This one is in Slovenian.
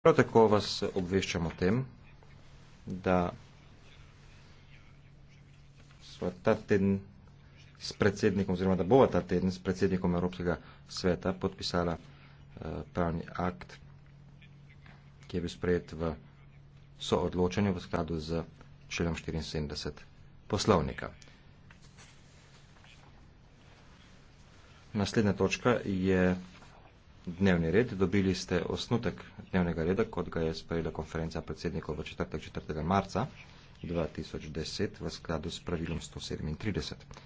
Prav tako vas obveščam o tem, da smo ta teden s predsednikom, oziroma da bova ta teden s predsednikom Evropskega sveta podpisala eh, pravni akt, ki je bil sprejet v soodločanju v skladu z členom 74 poslovnika. Naslednja točka je dnevni red, dobili ste osnutek dnevnega reda, kot ga je sprejela konferenca predsednikov v četrtek 4. marca 2010 v skladu s pravilom 137.